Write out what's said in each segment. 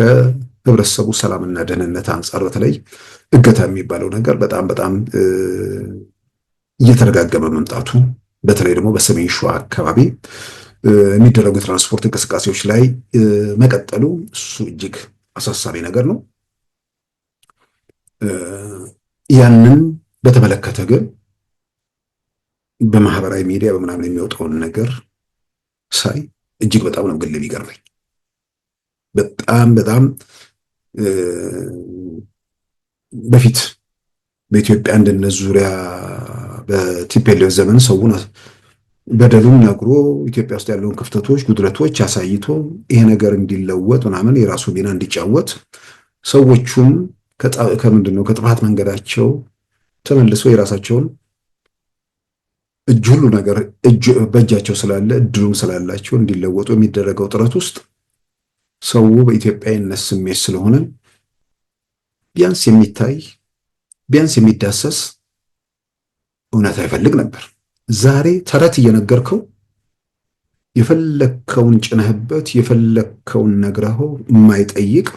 ከህብረተሰቡ ሰላምና ደህንነት አንጻር በተለይ እገታ የሚባለው ነገር በጣም በጣም እየተረጋገመ መምጣቱ በተለይ ደግሞ በሰሜን ሸዋ አካባቢ የሚደረጉ የትራንስፖርት እንቅስቃሴዎች ላይ መቀጠሉ እሱ እጅግ አሳሳቢ ነገር ነው። ያንን በተመለከተ ግን በማህበራዊ ሚዲያ በምናምን የሚወጣውን ነገር ሳይ እጅግ በጣም ነው ግል የሚገርመኝ። በጣም በጣም በፊት በኢትዮጵያ አንድነት ዙሪያ በቲፔሌ ዘመን ሰውን በደሉን ነግሮ ኢትዮጵያ ውስጥ ያለውን ክፍተቶች፣ ጉድለቶች አሳይቶ ይሄ ነገር እንዲለወጥ ምናምን የራሱ ሚና እንዲጫወት ሰዎቹም ከምንድን ነው ከጥፋት መንገዳቸው ተመልሰው የራሳቸውን እጅ ሁሉ ነገር በእጃቸው ስላለ እድሉም ስላላቸው እንዲለወጡ የሚደረገው ጥረት ውስጥ ሰው በኢትዮጵያዊነት ስሜት ስለሆነ ቢያንስ የሚታይ ቢያንስ የሚዳሰስ እውነት አይፈልግ ነበር። ዛሬ ተረት እየነገርከው የፈለግከውን ጭነህበት የፈለግከውን ነግረኸው የማይጠይቅ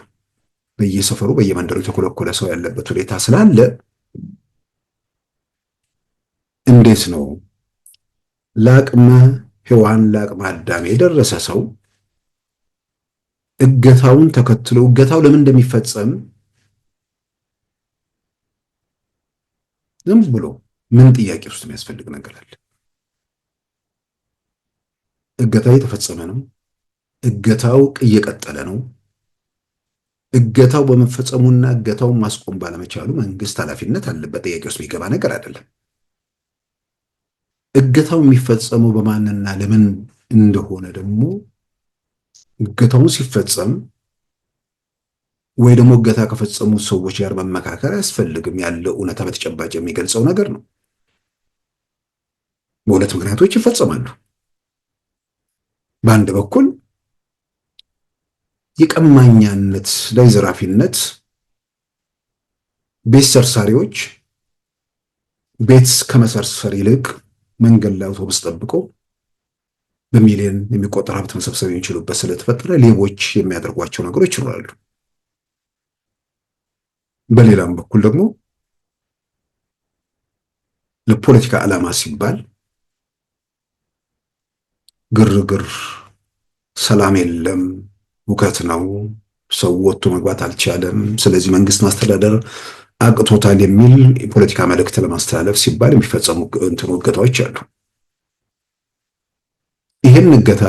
በየሰፈሩ በየመንደሩ የተኮለኮለ ሰው ያለበት ሁኔታ ስላለ እንዴት ነው ለአቅመ ሔዋን ለአቅመ አዳም የደረሰ ሰው እገታውን ተከትሎ እገታው ለምን እንደሚፈጸም ዝም ብሎ ምን ጥያቄ ውስጥ የሚያስፈልግ ነገር አለ? እገታው የተፈጸመ ነው። እገታው እየቀጠለ ነው። እገታው በመፈጸሙና እገታውን ማስቆም ባለመቻሉ መንግስት ኃላፊነት አለበት ጥያቄ ውስጥ የሚገባ ነገር አይደለም። እገታው የሚፈጸመው በማንና ለምን እንደሆነ ደግሞ እገታው ሲፈጸም ወይ ደግሞ እገታ ከፈጸሙ ሰዎች ጋር መመካከር አያስፈልግም። ያለው እውነታ በተጨባጭ የሚገልጸው ነገር ነው። በሁለት ምክንያቶች ይፈጸማሉ። በአንድ በኩል የቀማኛነት ላይ ዘራፊነት ቤት ሰርሳሪዎች ቤት ከመሰርሰር ይልቅ መንገድ ላይ አውቶቡስ ጠብቀው በሚሊዮን የሚቆጠር ሀብት መሰብሰብ የሚችሉበት ስለተፈጠረ ሌቦች የሚያደርጓቸው ነገሮች ይኖራሉ። በሌላም በኩል ደግሞ ለፖለቲካ ዓላማ ሲባል ግርግር፣ ሰላም የለም፣ ውከት ነው፣ ሰው ወጥቶ መግባት አልቻለም፣ ስለዚህ መንግስት ማስተዳደር አቅቶታል የሚል የፖለቲካ መልእክት ለማስተላለፍ ሲባል የሚፈጸሙ እንትን እገታዎች አሉ። ይህን እገታ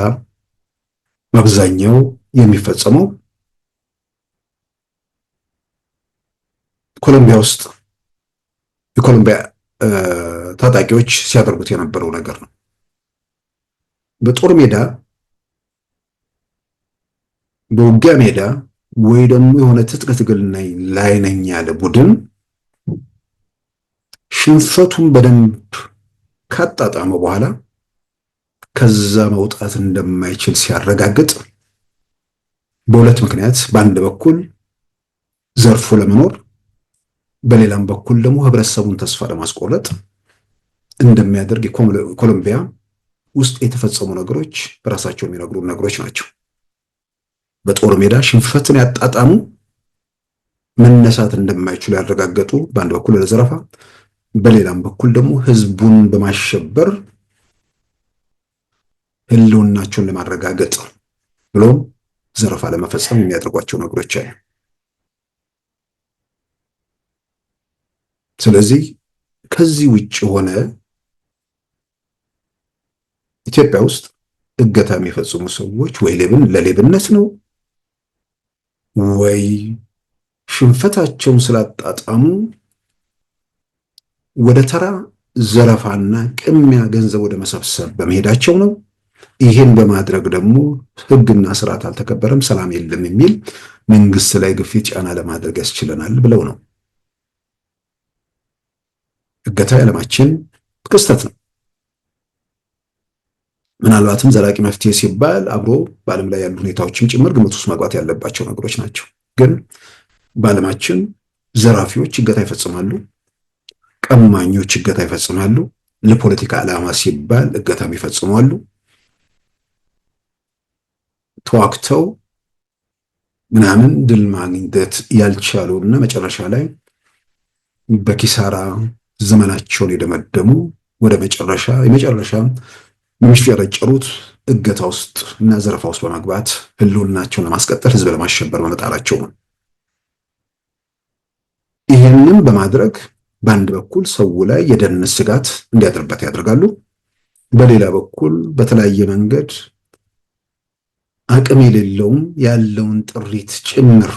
በአብዛኛው የሚፈጸመው ኮሎምቢያ ውስጥ የኮሎምቢያ ታጣቂዎች ሲያደርጉት የነበረው ነገር ነው። በጦር ሜዳ፣ በውጊያ ሜዳ ወይ ደግሞ የሆነ ትጥቅ ትግል ላይ ነኝ ያለ ቡድን ሽንፈቱን በደንብ ካጣጣመ በኋላ ከዛ መውጣት እንደማይችል ሲያረጋግጥ በሁለት ምክንያት፣ በአንድ በኩል ዘርፎ ለመኖር፣ በሌላም በኩል ደግሞ ህብረተሰቡን ተስፋ ለማስቆረጥ እንደሚያደርግ ኮሎምቢያ ውስጥ የተፈጸሙ ነገሮች በራሳቸው የሚነግሩ ነገሮች ናቸው። በጦር ሜዳ ሽንፈትን ያጣጣሙ መነሳት እንደማይችሉ ያረጋገጡ በአንድ በኩል ለዘረፋ፣ በሌላም በኩል ደግሞ ህዝቡን በማሸበር ህልውናቸውን ለማረጋገጥ ብሎም ዘረፋ ለመፈጸም የሚያደርጓቸው ነገሮች አሉ። ስለዚህ ከዚህ ውጭ የሆነ ኢትዮጵያ ውስጥ እገታ የሚፈጽሙ ሰዎች ወይ ሌብን ለሌብነት ነው ወይ ሽንፈታቸውን ስላጣጣሙ ወደ ተራ ዘረፋና ቅሚያ ገንዘብ ወደ መሰብሰብ በመሄዳቸው ነው። ይህን በማድረግ ደግሞ ህግና ስርዓት አልተከበረም፣ ሰላም የለም የሚል መንግስት ላይ ግፊት ጫና ለማድረግ ያስችለናል ብለው ነው። እገታ የዓለማችን ክስተት ነው። ምናልባትም ዘላቂ መፍትሄ ሲባል አብሮ በዓለም ላይ ያሉ ሁኔታዎችም ጭምር ግምት ውስጥ መግባት ያለባቸው ነገሮች ናቸው። ግን በዓለማችን ዘራፊዎች እገታ ይፈጽማሉ፣ ቀማኞች እገታ ይፈጽማሉ፣ ለፖለቲካ ዓላማ ሲባል እገታም ይፈጽማሉ። ተዋግተው ምናምን ድል ማግኘት ያልቻሉ እና መጨረሻ ላይ በኪሳራ ዘመናቸውን የደመደሙ ወደ መጨረሻ የመጨረሻ ያረጨሩት እገታ ውስጥ እና ዘረፋ ውስጥ በመግባት ህልውናቸውን ለማስቀጠል ህዝብ ለማሸበር በመጣራቸው ነው። ይህንም በማድረግ በአንድ በኩል ሰው ላይ የደህንነት ስጋት እንዲያድርበት ያደርጋሉ። በሌላ በኩል በተለያየ መንገድ አቅም የሌለውም ያለውን ጥሪት ጭምር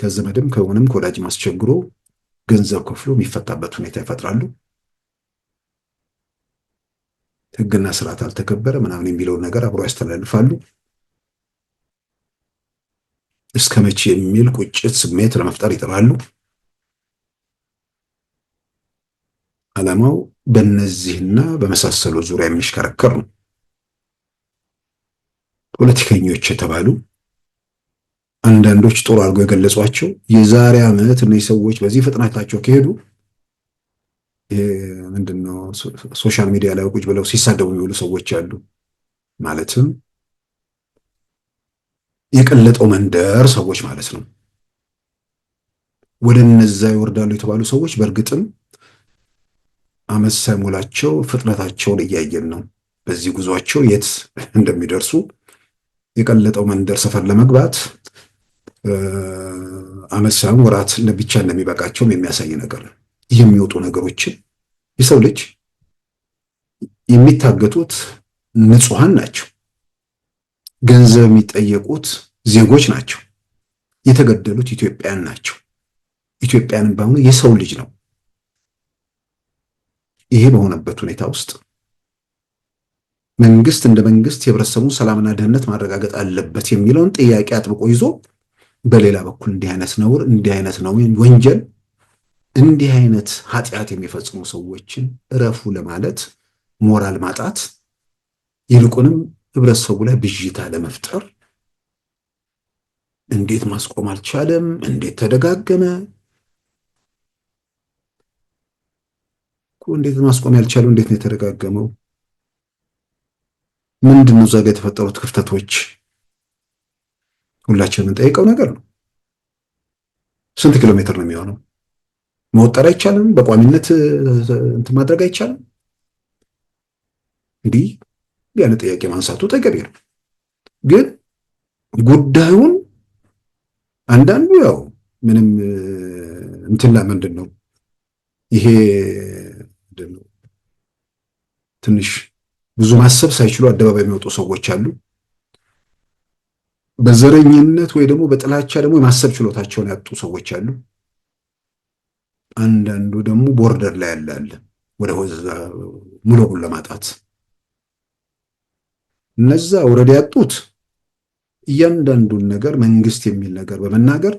ከዘመድም ከሆነም ከወዳጅ ማስቸግሮ ገንዘብ ከፍሎ የሚፈታበት ሁኔታ ይፈጥራሉ። ሕግና ስርዓት አልተከበረ ምናምን የሚለውን ነገር አብሮ ያስተላልፋሉ። እስከ መቼ የሚል ቁጭት ስሜት ለመፍጠር ይጥራሉ። ዓላማው በእነዚህና በመሳሰሉ ዙሪያ የሚሽከረከር ነው። ፖለቲከኞች የተባሉ አንዳንዶች ጦር አድርገው የገለጿቸው የዛሬ ዓመት እነዚህ ሰዎች በዚህ ፍጥነታቸው ከሄዱ ምንድነው ሶሻል ሚዲያ ላይ ቁጭ ብለው ሲሳደቡ የሚውሉ ሰዎች አሉ። ማለትም የቀለጠው መንደር ሰዎች ማለት ነው። ወደ እነዛ ይወርዳሉ የተባሉ ሰዎች በእርግጥም አመት ሳይሞላቸው ፍጥነታቸውን እያየን ነው። በዚህ ጉዟቸው የት እንደሚደርሱ የቀለጠው መንደር ሰፈር ለመግባት አመት ሳይሆን ወራት ለብቻ እንደሚበቃቸውም የሚያሳይ ነገር የሚወጡ ነገሮችን የሰው ልጅ የሚታገቱት ንጹሐን ናቸው። ገንዘብ የሚጠየቁት ዜጎች ናቸው። የተገደሉት ኢትዮጵያን ናቸው። ኢትዮጵያን በአሁኑ የሰው ልጅ ነው። ይሄ በሆነበት ሁኔታ ውስጥ መንግስት እንደ መንግስት የህብረተሰቡን ሰላምና ደህንነት ማረጋገጥ አለበት የሚለውን ጥያቄ አጥብቆ ይዞ በሌላ በኩል እንዲህ አይነት ነውር፣ እንዲህ አይነት ነው ወንጀል፣ እንዲህ አይነት ኃጢአት የሚፈጽሙ ሰዎችን እረፉ ለማለት ሞራል ማጣት፣ ይልቁንም ህብረተሰቡ ላይ ብዥታ ለመፍጠር እንዴት ማስቆም አልቻለም? እንዴት ተደጋገመ? እንዴት ማስቆም ያልቻለው? እንዴት ነው የተደጋገመው? ምንድን ነው እዛ ጋ የተፈጠሩት ክፍተቶች? ሁላችንም የምንጠይቀው ነገር ነው። ስንት ኪሎ ሜትር ነው የሚሆነው? መወጠር አይቻልም? በቋሚነት እንትን ማድረግ አይቻልም? እንዲህ ያለ ጥያቄ ማንሳቱ ተገቢ ነው። ግን ጉዳዩን አንዳንዱ ያው ምንም እንትላ ምንድን ነው ይሄ ትንሽ ብዙ ማሰብ ሳይችሉ አደባባይ የሚወጡ ሰዎች አሉ። በዘረኝነት ወይ ደግሞ በጥላቻ ደግሞ የማሰብ ችሎታቸውን ያጡ ሰዎች አሉ። አንዳንዱ ደግሞ ቦርደር ላይ ያለ ወደ ሙሉውን ለማጣት እነዛ ወረድ ያጡት እያንዳንዱን ነገር መንግስት የሚል ነገር በመናገር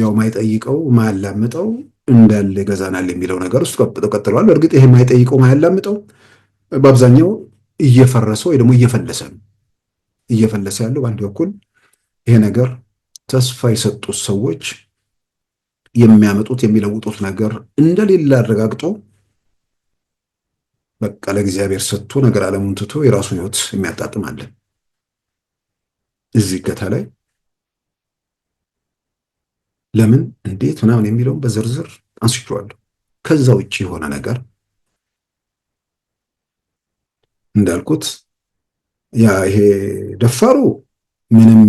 ያው ማይጠይቀው ማያላምጠው እንዳለ ይገዛናል የሚለው ነገር ውስጥ ቀጥለዋል። እርግጥ ይሄ ማይጠይቀው ማያላምጠው በአብዛኛው እየፈረሰ ወይ ደግሞ እየፈለሰ ነው። እየፈለሰ ያለው በአንድ በኩል ይሄ ነገር ተስፋ የሰጡት ሰዎች የሚያመጡት የሚለውጡት ነገር እንደሌለ አረጋግጦ በቃ ለእግዚአብሔር ሰጥቶ ነገር ዓለሙን ትቶ የራሱን ሕይወት የሚያጣጥም አለ። እዚህ ገታ ላይ ለምን እንዴት ምናምን የሚለውን በዝርዝር አንስቼዋለሁ። ከዛ ውጭ የሆነ ነገር እንዳልኩት ያ ይሄ ደፋሩ ምንም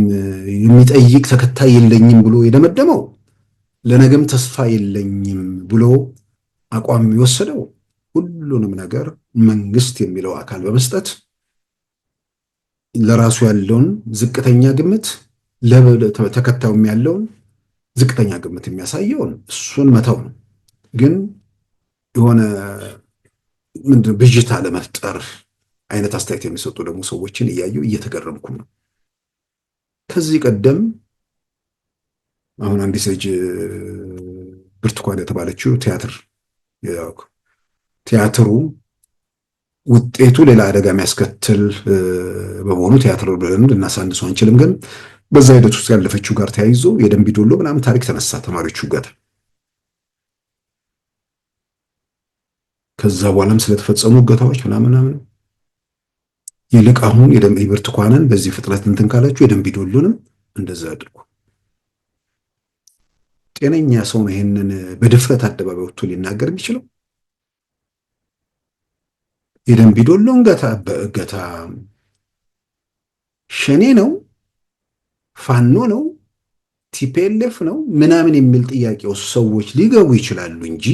የሚጠይቅ ተከታይ የለኝም ብሎ የደመደመው ለነገም ተስፋ የለኝም ብሎ አቋም የወሰደው ሁሉንም ነገር መንግስት የሚለው አካል በመስጠት ለራሱ ያለውን ዝቅተኛ ግምት ተከታዩ ያለውን ዝቅተኛ ግምት የሚያሳየውን እሱን መተው ነው። ግን የሆነ ምንድን ብዥታ ለመፍጠር አይነት አስተያየት የሚሰጡ ደግሞ ሰዎችን እያዩ እየተገረምኩ ነው። ከዚህ ቀደም አሁን አንዲት ልጅ ብርቱካን የተባለችው ቲያትር ቲያትሩ ውጤቱ ሌላ አደጋ የሚያስከትል በመሆኑ ቲያትር ብለን ልናሳንሱ አንችልም። ግን በዛ ሂደት ውስጥ ያለፈችው ጋር ተያይዞ የደንቢ ዶሎ ምናምን ታሪክ ተነሳ ተማሪዎቹ ጋር። ከዛ በኋላም ስለተፈጸሙ እገታዎች ምናምን ምናምን ይልቅ አሁን የደም ብርቱካንን በዚህ ፍጥነት እንትን ካላችሁ የደም ቢዶሉንም እንደዛ አድርጉ። ጤነኛ ሰው ነው ይሄንን በድፍረት አደባባይ ወጥቶ ሊናገር የሚችለው። የደም ቢዶሎ እንገታ በእገታ ሸኔ ነው ፋኖ ነው ቲፒኤልኤፍ ነው ምናምን የሚል ጥያቄ ውስጥ ሰዎች ሊገቡ ይችላሉ እንጂ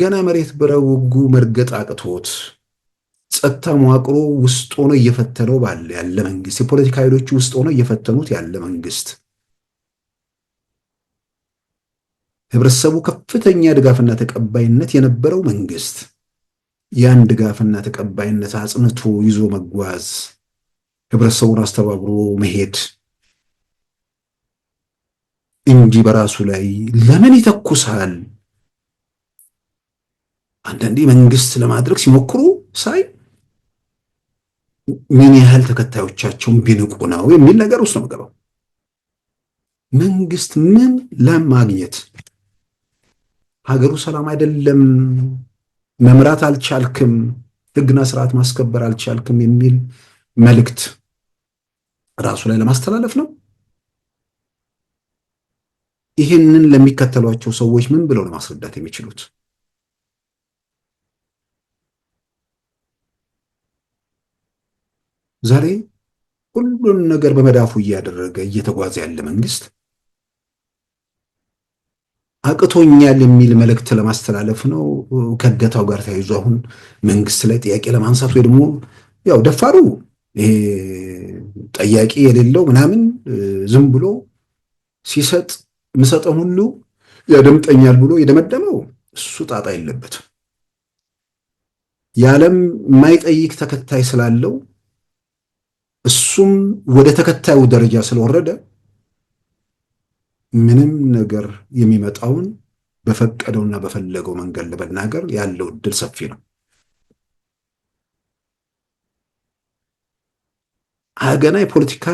ገና መሬት በረውጉ መርገጥ አቅቶት ጸጥታ መዋቅሮ ውስጥ ሆኖ እየፈተነው ባለ ያለ መንግስት የፖለቲካ ኃይሎች ውስጥ ሆኖ እየፈተኑት ያለ መንግስት ህብረተሰቡ ከፍተኛ ድጋፍና ተቀባይነት የነበረው መንግስት ያን ድጋፍና ተቀባይነት አጽንቶ ይዞ መጓዝ፣ ህብረተሰቡን አስተባብሮ መሄድ እንጂ በራሱ ላይ ለምን ይተኩሳል አንዳንዴ መንግስት ለማድረግ ሲሞክሩ ሳይ ምን ያህል ተከታዮቻቸውን ቢንቁ ነው የሚል ነገር ውስጥ ነው የምገባው። መንግስት ምን ለማግኘት ሀገሩ ሰላም አይደለም፣ መምራት አልቻልክም፣ ህግና ስርዓት ማስከበር አልቻልክም የሚል መልእክት ራሱ ላይ ለማስተላለፍ ነው። ይህንን ለሚከተሏቸው ሰዎች ምን ብለው ለማስረዳት የሚችሉት? ዛሬ ሁሉን ነገር በመዳፉ እያደረገ እየተጓዘ ያለ መንግስት አቅቶኛል የሚል መልእክት ለማስተላለፍ ነው። ከእገታው ጋር ተያይዞ አሁን መንግስት ላይ ጥያቄ ለማንሳት ወይ ደግሞ ያው ደፋሩ ይሄ ጠያቂ የሌለው ምናምን ዝም ብሎ ሲሰጥ ምሰጠው ሁሉ ያደምጠኛል ብሎ የደመደመው እሱ ጣጣ የለበትም። የዓለም የማይጠይቅ ተከታይ ስላለው እሱም ወደ ተከታዩ ደረጃ ስለወረደ ምንም ነገር የሚመጣውን በፈቀደውና በፈለገው መንገድ ለመናገር ያለው እድል ሰፊ ነው። አገና የፖለቲካ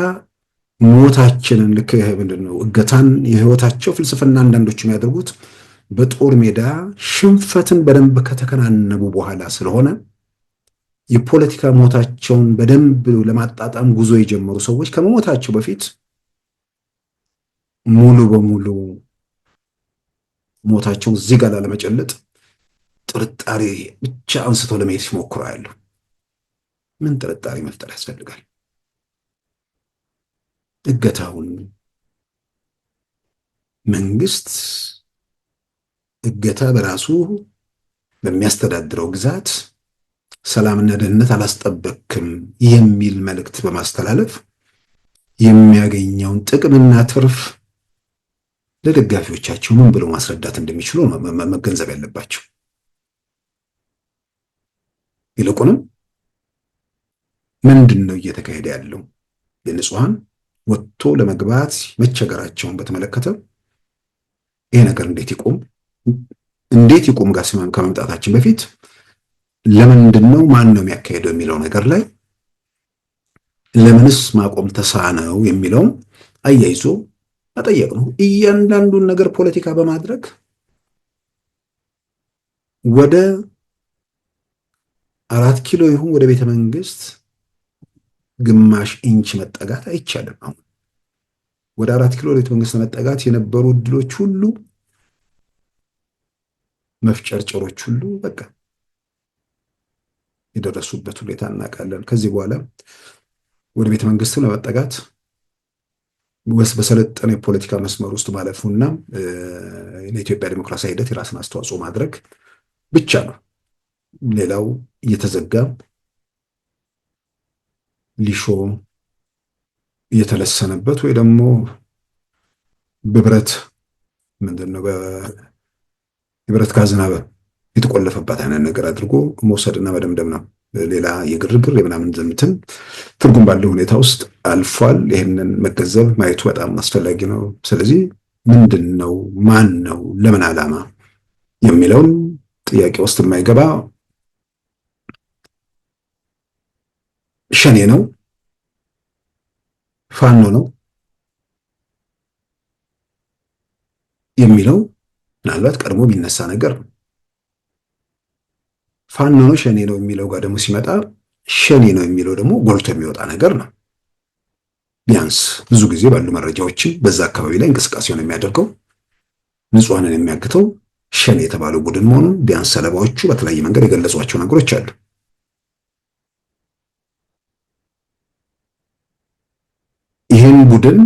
ሞታችንን ልክ ምንድን ነው እገታን የህይወታቸው ፍልስፍና አንዳንዶች የሚያደርጉት በጦር ሜዳ ሽንፈትን በደንብ ከተከናነቡ በኋላ ስለሆነ የፖለቲካ ሞታቸውን በደንብ ለማጣጣም ጉዞ የጀመሩ ሰዎች ከመሞታቸው በፊት ሙሉ በሙሉ ሞታቸውን እዚህ ጋር ላለመጨለጥ ጥርጣሬ ብቻ አንስቶ ለመሄድ ሲሞክሩ ያሉ ምን ጥርጣሬ መፍጠር ያስፈልጋል? እገታውን መንግስት እገታ በራሱ በሚያስተዳድረው ግዛት ሰላምና ደህንነት አላስጠበክም የሚል መልእክት በማስተላለፍ የሚያገኘውን ጥቅምና ትርፍ ለደጋፊዎቻቸው ምን ብሎ ማስረዳት እንደሚችሉ መገንዘብ ያለባቸው። ይልቁንም ምንድን ነው እየተካሄደ ያለው የንጹሐን ወጥቶ ለመግባት መቸገራቸውን በተመለከተ ይሄ ነገር እንዴት ይቁም እንዴት ይቁም ጋር ከመምጣታችን በፊት ለምንድን ነው ማን ነው የሚያካሄደው የሚለው ነገር ላይ ለምንስ ማቆም ተሳነው የሚለውም አያይዞ መጠየቅ ነው። እያንዳንዱን ነገር ፖለቲካ በማድረግ ወደ አራት ኪሎ ይሁን ወደ ቤተ መንግስት ግማሽ ኢንች መጠጋት አይቻልም። አሁን ወደ አራት ኪሎ ቤተ መንግስት ለመጠጋት የነበሩ እድሎች ሁሉ መፍጨርጨሮች ሁሉ በቃ የደረሱበት ሁኔታ እናውቃለን። ከዚህ በኋላ ወደ ቤተ መንግስት ለመጠጋት በሰለጠነ የፖለቲካ መስመር ውስጥ ማለፉና ለኢትዮጵያ ዲሞክራሲያዊ ሂደት የራስን አስተዋጽኦ ማድረግ ብቻ ነው። ሌላው እየተዘጋ ሊሾ እየተለሰነበት ወይ ደግሞ በብረት ምንድን ነው የብረት ካዝናበ የተቆለፈባት አይነት ነገር አድርጎ መውሰድና መደምደም ነው። ሌላ የግርግር የምናምን ዝምትን ትርጉም ባለው ሁኔታ ውስጥ አልፏል። ይህንን መገንዘብ ማየቱ በጣም አስፈላጊ ነው። ስለዚህ ምንድን ነው ማን ነው ለምን ዓላማ የሚለውን ጥያቄ ውስጥ የማይገባ ሸኔ ነው፣ ፋኖ ነው የሚለው ምናልባት ቀድሞ ቢነሳ ነገር ነው። ፋኖ ነው ሸኔ ነው የሚለው ጋር ደግሞ ሲመጣ ሸኔ ነው የሚለው ደግሞ ጎልቶ የሚወጣ ነገር ነው። ቢያንስ ብዙ ጊዜ ባሉ መረጃዎችን በዛ አካባቢ ላይ እንቅስቃሴውን የሚያደርገው ንጹሐንን የሚያግተው ሸኔ የተባለው ቡድን መሆኑን ቢያንስ ሰለባዎቹ በተለያየ መንገድ የገለጿቸው ነገሮች አሉ። ይህን ቡድን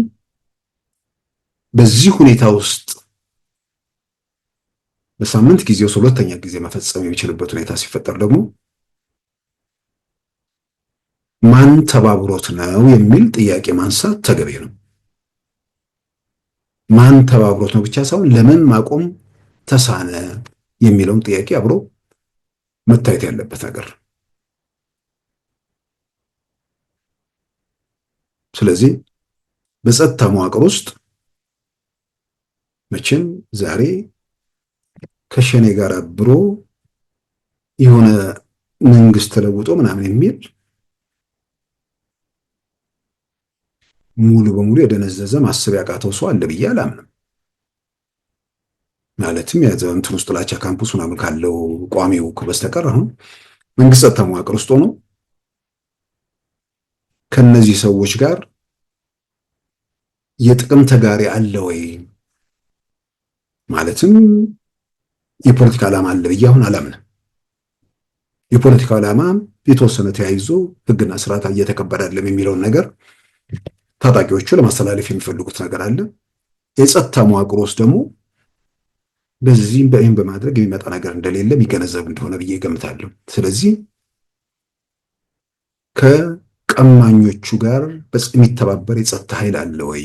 በዚህ ሁኔታ ውስጥ በሳምንት ጊዜ ውስጥ ሁለተኛ ጊዜ መፈጸም የሚችልበት ሁኔታ ሲፈጠር ደግሞ ማን ተባብሮት ነው የሚል ጥያቄ ማንሳት ተገቢ ነው። ማን ተባብሮት ነው ብቻ ሳይሆን ለምን ማቆም ተሳነ የሚለውን ጥያቄ አብሮ መታየት ያለበት ነገር። ስለዚህ በጸጥታ መዋቅር ውስጥ መቼም ዛሬ ከሸኔ ጋር አብሮ የሆነ መንግስት ተለውጦ ምናምን የሚል ሙሉ በሙሉ የደነዘዘ ማሰብ ያቃተው ሰው አለ ብዬ አላምንም። ማለትም የእንትን ውስጥ ጥላቻ ካምፕስ ምናምን ካለው ቋሚው በስተቀር አሁን መንግስት ጸጥታ መዋቅር ውስጥ ሆኖ ከነዚህ ሰዎች ጋር የጥቅም ተጋሪ አለ ወይ ማለትም የፖለቲካ ዓላማ አለ ብዬ አሁን አላምንም። የፖለቲካ ዓላማ የተወሰነ ተያይዞ ህግና ስርዓት እየተከበረ አይደለም የሚለውን ነገር ታጣቂዎቹ ለማስተላለፍ የሚፈልጉት ነገር አለ። የጸጥታ መዋቅር ውስጥ ደግሞ በዚህም በይህም በማድረግ የሚመጣ ነገር እንደሌለ የሚገነዘብ እንደሆነ ብዬ ገምታለሁ። ስለዚህ ከቀማኞቹ ጋር የሚተባበር የጸጥታ ኃይል አለ ወይ?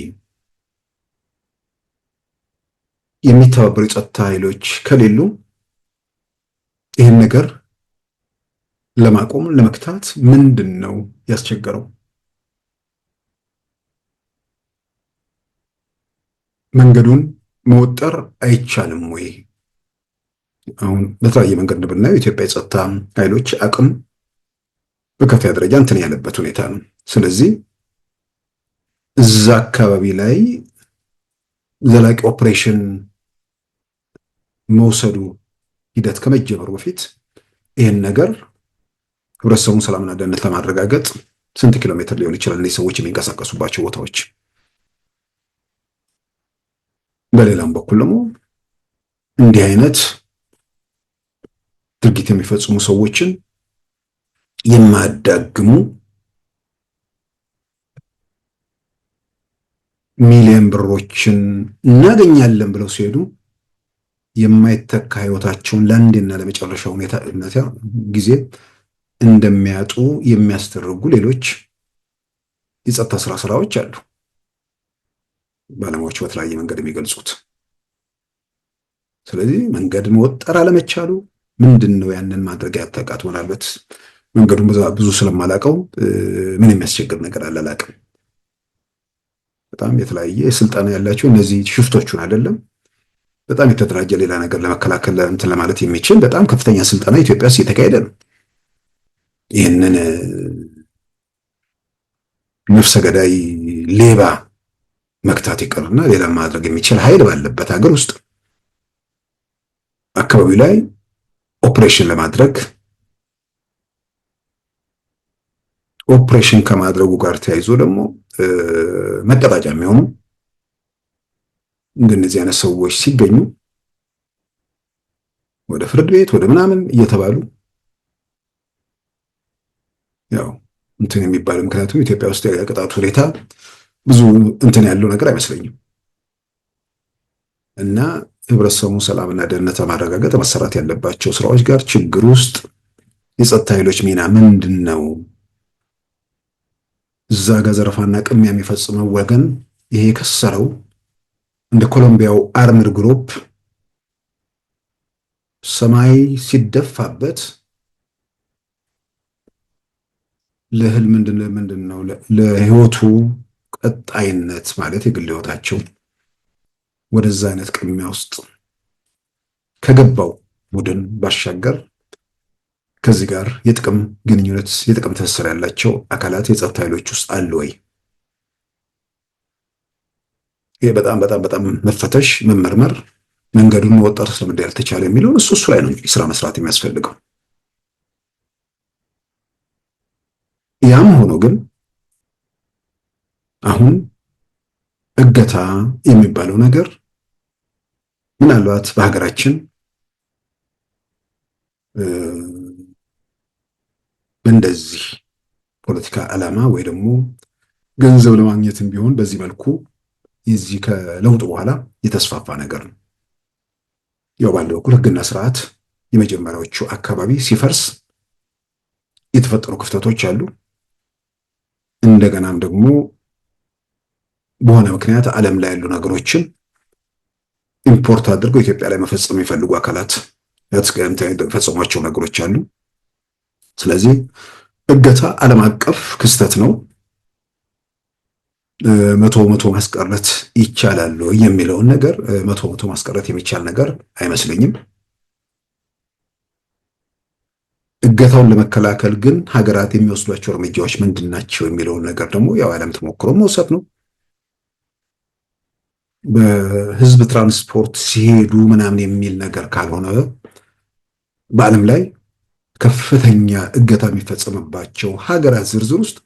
የሚተባበሩ የጸጥታ ኃይሎች ከሌሉ ይህን ነገር ለማቆም ለመክታት ምንድን ነው ያስቸገረው? መንገዱን መወጠር አይቻልም ወይ? አሁን በተለያየ መንገድ ብናየው የኢትዮጵያ የጸጥታ ኃይሎች አቅም በከፍተኛ ደረጃ እንትን ያለበት ሁኔታ ነው። ስለዚህ እዛ አካባቢ ላይ ዘላቂ ኦፕሬሽን መውሰዱ ሂደት ከመጀመሩ በፊት ይህን ነገር ህብረተሰቡን ሰላምና ደህንነት ለማረጋገጥ ስንት ኪሎ ሜትር ሊሆን ይችላል? እነዚህ ሰዎች የሚንቀሳቀሱባቸው ቦታዎች። በሌላም በኩል ደግሞ እንዲህ አይነት ድርጊት የሚፈጽሙ ሰዎችን የማያዳግሙ ሚሊዮን ብሮችን እናገኛለን ብለው ሲሄዱ የማይተካ ህይወታቸውን ለአንዴና ለመጨረሻ ሁኔታ ጊዜ እንደሚያጡ የሚያስደርጉ ሌሎች የጸጥታ ስራ ስራዎች አሉ። ባለሙያዎች በተለያየ መንገድ የሚገልጹት። ስለዚህ መንገድ መወጠር አለመቻሉ ምንድን ነው? ያንን ማድረግ ያተቃት ምናልበት መንገዱን ብዙ ስለማላቀው ምን የሚያስቸግር ነገር አላላቅም። በጣም የተለያየ ስልጠና ያላቸው እነዚህ ሽፍቶቹን አይደለም በጣም የተደራጀ ሌላ ነገር ለመከላከል እንትን ለማለት የሚችል በጣም ከፍተኛ ስልጠና ኢትዮጵያ ውስጥ እየተካሄደ ነው። ይህንን ነፍሰ ገዳይ ሌባ መክታት ይቀርና ሌላ ማድረግ የሚችል ኃይል ባለበት ሀገር ውስጥ አካባቢው ላይ ኦፕሬሽን ለማድረግ ኦፕሬሽን ከማድረጉ ጋር ተያይዞ ደግሞ መቀጣጫ የሚሆኑ እንደነዚህ አይነት ሰዎች ሲገኙ ወደ ፍርድ ቤት ወደ ምናምን እየተባሉ ያው እንትን የሚባል ምክንያቱም ኢትዮጵያ ውስጥ የቅጣቱ ሁኔታ ብዙ እንትን ያለው ነገር አይመስለኝም እና ህብረተሰቡን ሰላምና ደህንነት ለማረጋገጥ መሰራት ያለባቸው ስራዎች ጋር ችግር ውስጥ የጸጥታ ኃይሎች ሚና ምንድን ነው? እዛ ጋር ዘረፋና ቅሚያ የሚፈጽመው ወገን ይሄ የከሰረው እንደ ኮሎምቢያው አርምድ ግሩፕ ሰማይ ሲደፋበት ለእህል ምንድን ነው ለህይወቱ ቀጣይነት ማለት የግል ህይወታቸው ወደዛ አይነት ቅድሚያ ውስጥ ከገባው ቡድን ባሻገር ከዚህ ጋር የጥቅም ግንኙነት የጥቅም ትስስር ያላቸው አካላት የጸጥታ ኃይሎች ውስጥ አሉ ወይ? ይሄ በጣም በጣም በጣም መፈተሽ፣ መመርመር መንገዱን ወጣቱ ስለምንድን ያልተቻለ የሚለውን እሱ እሱ ላይ ነው እንግዲህ ስራ መስራት የሚያስፈልገው። ያም ሆኖ ግን አሁን እገታ የሚባለው ነገር ምናልባት በሀገራችን በእንደዚህ ፖለቲካ ዓላማ ወይ ደግሞ ገንዘብ ለማግኘትም ቢሆን በዚህ መልኩ የዚህ ከለውጥ በኋላ የተስፋፋ ነገር ነው። ያው በአንድ በኩል ህግና ስርዓት የመጀመሪያዎቹ አካባቢ ሲፈርስ የተፈጠሩ ክፍተቶች አሉ። እንደገናም ደግሞ በሆነ ምክንያት ዓለም ላይ ያሉ ነገሮችን ኢምፖርት አድርገው ኢትዮጵያ ላይ መፈጸም የሚፈልጉ አካላት ፈጸሟቸው ነገሮች አሉ። ስለዚህ እገታ ዓለም አቀፍ ክስተት ነው። መቶ መቶ ማስቀረት ይቻላል የሚለውን ነገር መቶ መቶ ማስቀረት የሚቻል ነገር አይመስለኝም። እገታውን ለመከላከል ግን ሀገራት የሚወስዷቸው እርምጃዎች ምንድን ናቸው የሚለውን ነገር ደግሞ ያው ዓለም ተሞክሮ መውሰድ ነው። በህዝብ ትራንስፖርት ሲሄዱ ምናምን የሚል ነገር ካልሆነ በዓለም ላይ ከፍተኛ እገታ የሚፈጸምባቸው ሀገራት ዝርዝር ውስጥ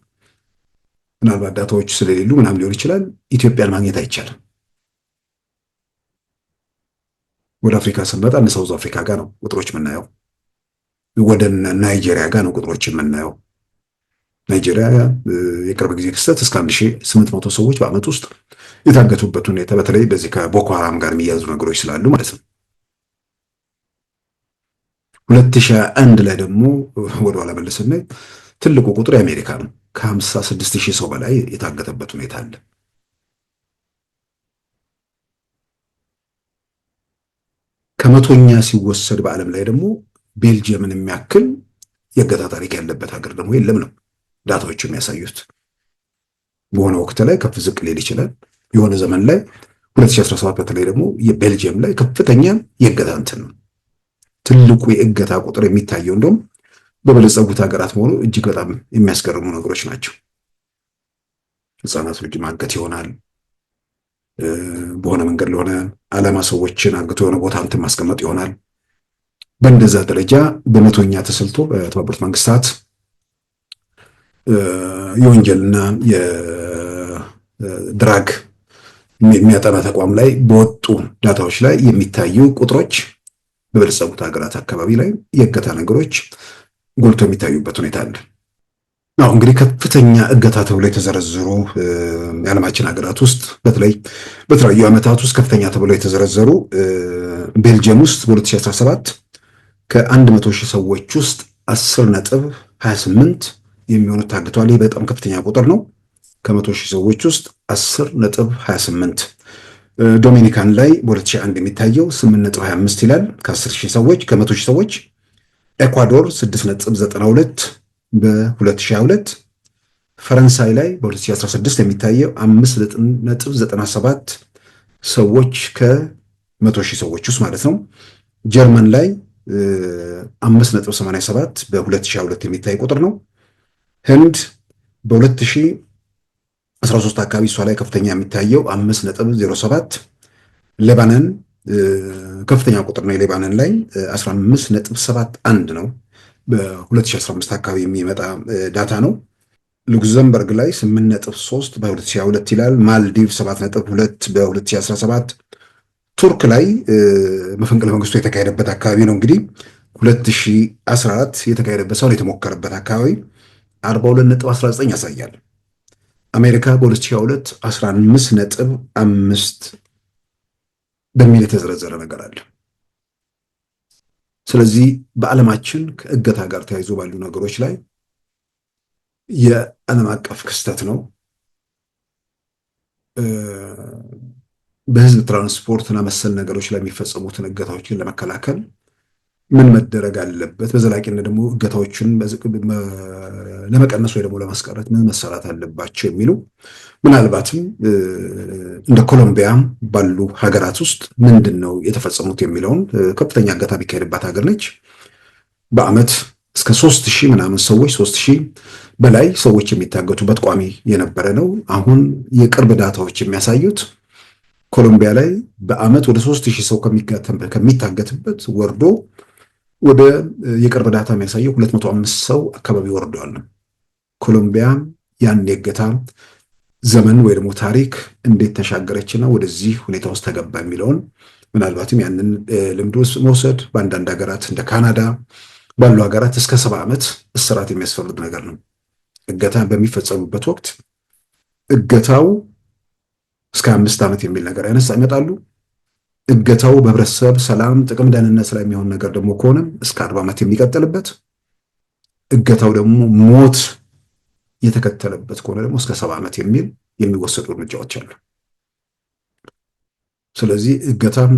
ምናልባት ዳታዎቹ ስለሌሉ ምናምን ሊሆን ይችላል። ኢትዮጵያን ማግኘት አይቻልም። ወደ አፍሪካ ስንመጣ እነ ሳውዝ አፍሪካ ጋር ነው ቁጥሮች የምናየው። ወደ ናይጄሪያ ጋር ነው ቁጥሮች የምናየው። ናይጄሪያ የቅርብ ጊዜ ክስተት እስከ 1800 ሰዎች በአመት ውስጥ የታገቱበት ሁኔታ በተለይ በዚህ ከቦኮ ሀራም ጋር የሚያዙ ነገሮች ስላሉ ማለት ነው። 2001 ላይ ደግሞ ወደኋላ መለስ ስናይ ትልቁ ቁጥር የአሜሪካ ነው። ከ56 ሺህ ሰው በላይ የታገተበት ሁኔታ አለ። ከመቶኛ ሲወሰድ በዓለም ላይ ደግሞ ቤልጅየምን የሚያክል የእገታ ታሪክ ያለበት ሀገር ደግሞ የለም ነው ዳታዎቹ የሚያሳዩት። በሆነ ወቅት ላይ ከፍ ዝቅ ሊል ይችላል። የሆነ ዘመን ላይ 2017 በተለይ ደግሞ የቤልጅየም ላይ ከፍተኛ የእገታ እንትን ነው። ትልቁ የእገታ ቁጥር የሚታየው እንደውም በበለጸጉት ሀገራት መሆኑ እጅግ በጣም የሚያስገርሙ ነገሮች ናቸው። ህፃናቶች ማገት ይሆናል በሆነ መንገድ ለሆነ አላማ ሰዎችን አግቶ የሆነ ቦታ እንትን ማስቀመጥ ይሆናል። በእንደዛ ደረጃ በመቶኛ ተሰልቶ በተባበሩት መንግስታት የወንጀልና የድራግ የሚያጠና ተቋም ላይ በወጡ ዳታዎች ላይ የሚታዩ ቁጥሮች በበለጸጉት ሀገራት አካባቢ ላይ የእገታ ነገሮች ጎልቶ የሚታዩበት ሁኔታ አለ። አሁ እንግዲህ ከፍተኛ እገታ ተብሎ የተዘረዘሩ የዓለማችን ሀገራት ውስጥ በተለይ በተለያዩ ዓመታት ውስጥ ከፍተኛ ተብሎ የተዘረዘሩ ቤልጅየም ውስጥ በ2017 ከ100 ሺህ ሰዎች ውስጥ 10 ነጥብ 28 የሚሆኑት ታግተዋል። ይህ በጣም ከፍተኛ ቁጥር ነው። ከመቶ ሺህ ሰዎች ውስጥ 10 ነጥብ 28 ዶሚኒካን ላይ በ2001 የሚታየው 8 ነጥብ 25 ይላል። ከ10 ሺህ ሰዎች ከመቶ ሺህ ሰዎች ኤኳዶር 6.92 በ2022 ፈረንሳይ ላይ በ2016 የሚታየው 5.97 ሰዎች ከመቶ ሺህ ሰዎች ውስጥ ማለት ነው። ጀርመን ላይ 5.87 በ2022 የሚታይ ቁጥር ነው። ህንድ በ2013 አካባቢ እሷ ላይ ከፍተኛ የሚታየው 5.07 ሌባነን ከፍተኛ ቁጥር ነው። የሌባንን ላይ 15 ነጥብ 7 አንድ ነው። በ2015 አካባቢ የሚመጣ ዳታ ነው። ሉክዘምበርግ ላይ 8 ነጥብ 3 በ2022 ይላል። ማልዲቭ 7 ነጥብ 2 በ2017 ቱርክ ላይ መፈንቅለ መንግስቱ የተካሄደበት አካባቢ ነው እንግዲህ 2014 የተካሄደበት ሳይሆን የተሞከረበት አካባቢ 42.19 ያሳያል። አሜሪካ በ2022 15.5 በሚል የተዘረዘረ ነገር አለ። ስለዚህ በዓለማችን ከእገታ ጋር ተያይዞ ባሉ ነገሮች ላይ የዓለም አቀፍ ክስተት ነው። በህዝብ ትራንስፖርትና መሰል ነገሮች ላይ የሚፈጸሙትን እገታዎችን ለመከላከል ምን መደረግ አለበት? በዘላቂነት ደግሞ እገታዎችን ለመቀነስ ወይ ደግሞ ለማስቀረት ምን መሰራት አለባቸው የሚሉ ምናልባትም እንደ ኮሎምቢያ ባሉ ሀገራት ውስጥ ምንድን ነው የተፈጸሙት የሚለውን ከፍተኛ እገታ ቢካሄድባት ሀገር ነች። በአመት እስከ ሶስት ሺህ ምናምን ሰዎች ሶስት ሺህ በላይ ሰዎች የሚታገቱበት ቋሚ የነበረ ነው። አሁን የቅርብ ዳታዎች የሚያሳዩት ኮሎምቢያ ላይ በአመት ወደ ሶስት ሺህ ሰው ከሚታገትበት ወርዶ ወደ የቅርብ ዳታ የሚያሳየው 205 ሰው አካባቢ ወርደዋል። ኮሎምቢያ ያን የገታ ዘመን ወይ ደግሞ ታሪክ እንዴት ተሻገረችና ወደዚህ ሁኔታ ውስጥ ተገባ የሚለውን ምናልባትም ያንን ልምድ ውስጥ መውሰድ በአንዳንድ ሀገራት እንደ ካናዳ ባሉ ሀገራት እስከ ሰባ ዓመት እስራት የሚያስፈልግ ነገር ነው። እገታ በሚፈጸሙበት ወቅት እገታው እስከ አምስት ዓመት የሚል ነገር ያነሳ ይመጣሉ። እገታው በህብረተሰብ ሰላም፣ ጥቅም፣ ደህንነት ላይ የሚሆን ነገር ደግሞ ከሆነ እስከ አርባ ዓመት የሚቀጥልበት እገታው ደግሞ ሞት የተከተለበት ከሆነ ደግሞ እስከ ሰባ ዓመት የሚል የሚወሰዱ እርምጃዎች አሉ። ስለዚህ እገታም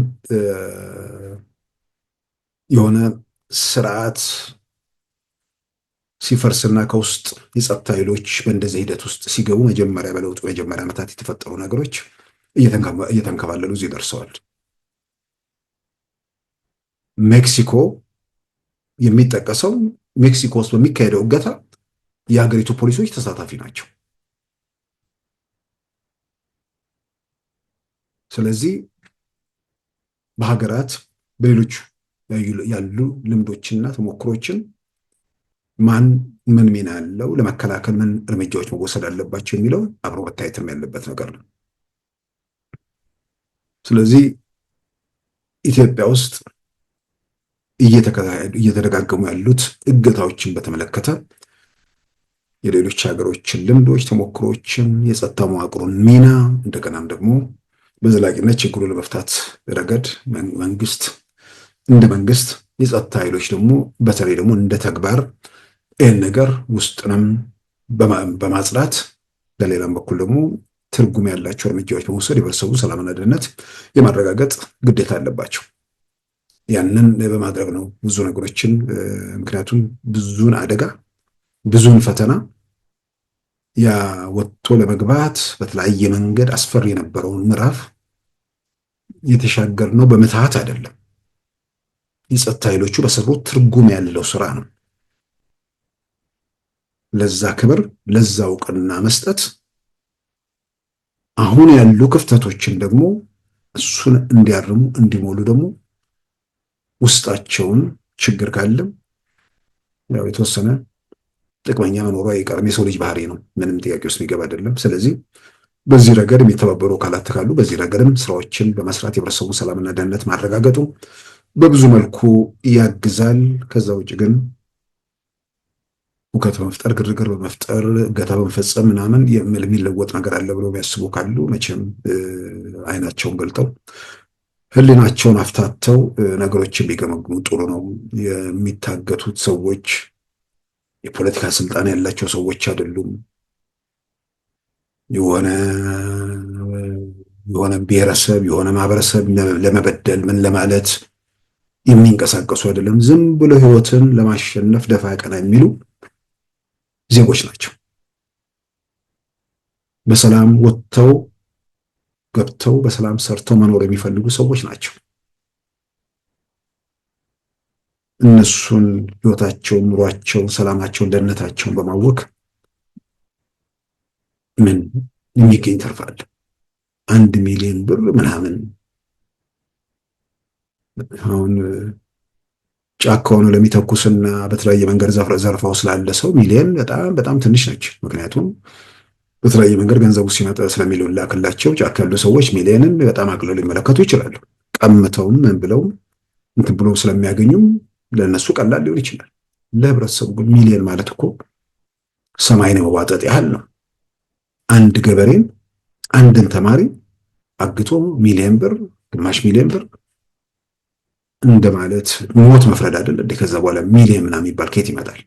የሆነ ስርዓት ሲፈርስና ከውስጥ የጸጥታ ኃይሎች በእንደዚህ ሂደት ውስጥ ሲገቡ መጀመሪያ በለውጡ መጀመሪያ ዓመታት የተፈጠሩ ነገሮች እየተንከባለሉ እዚህ ደርሰዋል። ሜክሲኮ የሚጠቀሰው ሜክሲኮ ውስጥ በሚካሄደው እገታ የሀገሪቱ ፖሊሶች ተሳታፊ ናቸው። ስለዚህ በሀገራት በሌሎች ያሉ ልምዶችና ተሞክሮችን ማን ምን ሚና ያለው ለመከላከል ምን እርምጃዎች መወሰድ አለባቸው የሚለው አብሮ መታየትም ያለበት ነገር ነው። ስለዚህ ኢትዮጵያ ውስጥ እየተደጋገሙ ያሉት እገታዎችን በተመለከተ የሌሎች ሀገሮችን ልምዶች፣ ተሞክሮችን፣ የጸጥታ መዋቅሩን ሚና እንደገናም ደግሞ በዘላቂነት ችግሩ ለመፍታት ረገድ መንግስት እንደ መንግስት የጸጥታ ኃይሎች ደግሞ በተለይ ደግሞ እንደ ተግባር ይህን ነገር ውስጥንም በማጽዳት በሌላም በኩል ደግሞ ትርጉም ያላቸው እርምጃዎች በመውሰድ የህብረተሰቡ ሰላምና ደህንነት የማረጋገጥ ግዴታ አለባቸው። ያንን በማድረግ ነው ብዙ ነገሮችን ምክንያቱም ብዙን አደጋ ብዙን ፈተና ያ ወጥቶ ለመግባት በተለያየ መንገድ አስፈሪ የነበረውን ምዕራፍ የተሻገር ነው በምትሃት አይደለም። የጸጥታ ኃይሎቹ በሰሩት ትርጉም ያለው ስራ ነው። ለዛ ክብር ለዛ እውቅና መስጠት፣ አሁን ያሉ ክፍተቶችን ደግሞ እሱን እንዲያርሙ እንዲሞሉ ደግሞ ውስጣቸውን ችግር ካለም ያው የተወሰነ ጥቅመኛ መኖሩ አይቀርም። የሰው ልጅ ባህሪ ነው። ምንም ጥያቄ ውስጥ የሚገባ አይደለም። ስለዚህ በዚህ ረገድ የተባበሩ አካላት ካሉ በዚህ ረገድም ስራዎችን በመስራት የህብረተሰቡን ሰላምና ደህንነት ማረጋገጡ በብዙ መልኩ ያግዛል። ከዛ ውጭ ግን ሁከት በመፍጠር ግርግር በመፍጠር እገታ በመፈጸም ምናምን የሚለወጥ ነገር አለ ብሎ የሚያስቡ ካሉ መቼም አይናቸውን ገልጠው ህሊናቸውን አፍታተው ነገሮችን ቢገመግሙ ጥሩ ነው። የሚታገቱት ሰዎች የፖለቲካ ስልጣን ያላቸው ሰዎች አይደሉም። የሆነ የሆነ ብሔረሰብ የሆነ ማህበረሰብ ለመበደል ምን ለማለት የሚንቀሳቀሱ አይደለም። ዝም ብሎ ህይወትን ለማሸነፍ ደፋ ቀና የሚሉ ዜጎች ናቸው። በሰላም ወጥተው ገብተው በሰላም ሰርተው መኖር የሚፈልጉ ሰዎች ናቸው። እነሱን ህይወታቸውን፣ ኑሯቸውን፣ ሰላማቸውን፣ ደህንነታቸውን በማወክ ምን የሚገኝ ተርፋል? አንድ ሚሊዮን ብር ምናምን አሁን ጫካ ሆኖ ለሚተኩስና በተለያየ መንገድ ዘርፋው ስላለ ሰው ሚሊዮን በጣም በጣም ትንሽ ነች። ምክንያቱም በተለያየ መንገድ ገንዘቡ ሲመጣ ስለሚሊዮን ላክላቸው ጫካ ያሉ ሰዎች ሚሊዮንን በጣም አቅለው ሊመለከቱ ይችላሉ። ቀምተውም ምን ብለው እንትን ብሎ ስለሚያገኙም ለእነሱ ቀላል ሊሆን ይችላል። ለህብረተሰቡ ግን ሚሊዮን ማለት እኮ ሰማይን የመዋጠጥ ያህል ነው። አንድ ገበሬን አንድን ተማሪ አግቶ ሚሊዮን ብር፣ ግማሽ ሚሊዮን ብር እንደማለት ሞት መፍረድ አይደለ ከዛ በኋላ ሚሊዮን ምናምን የሚባል ከየት ይመጣል?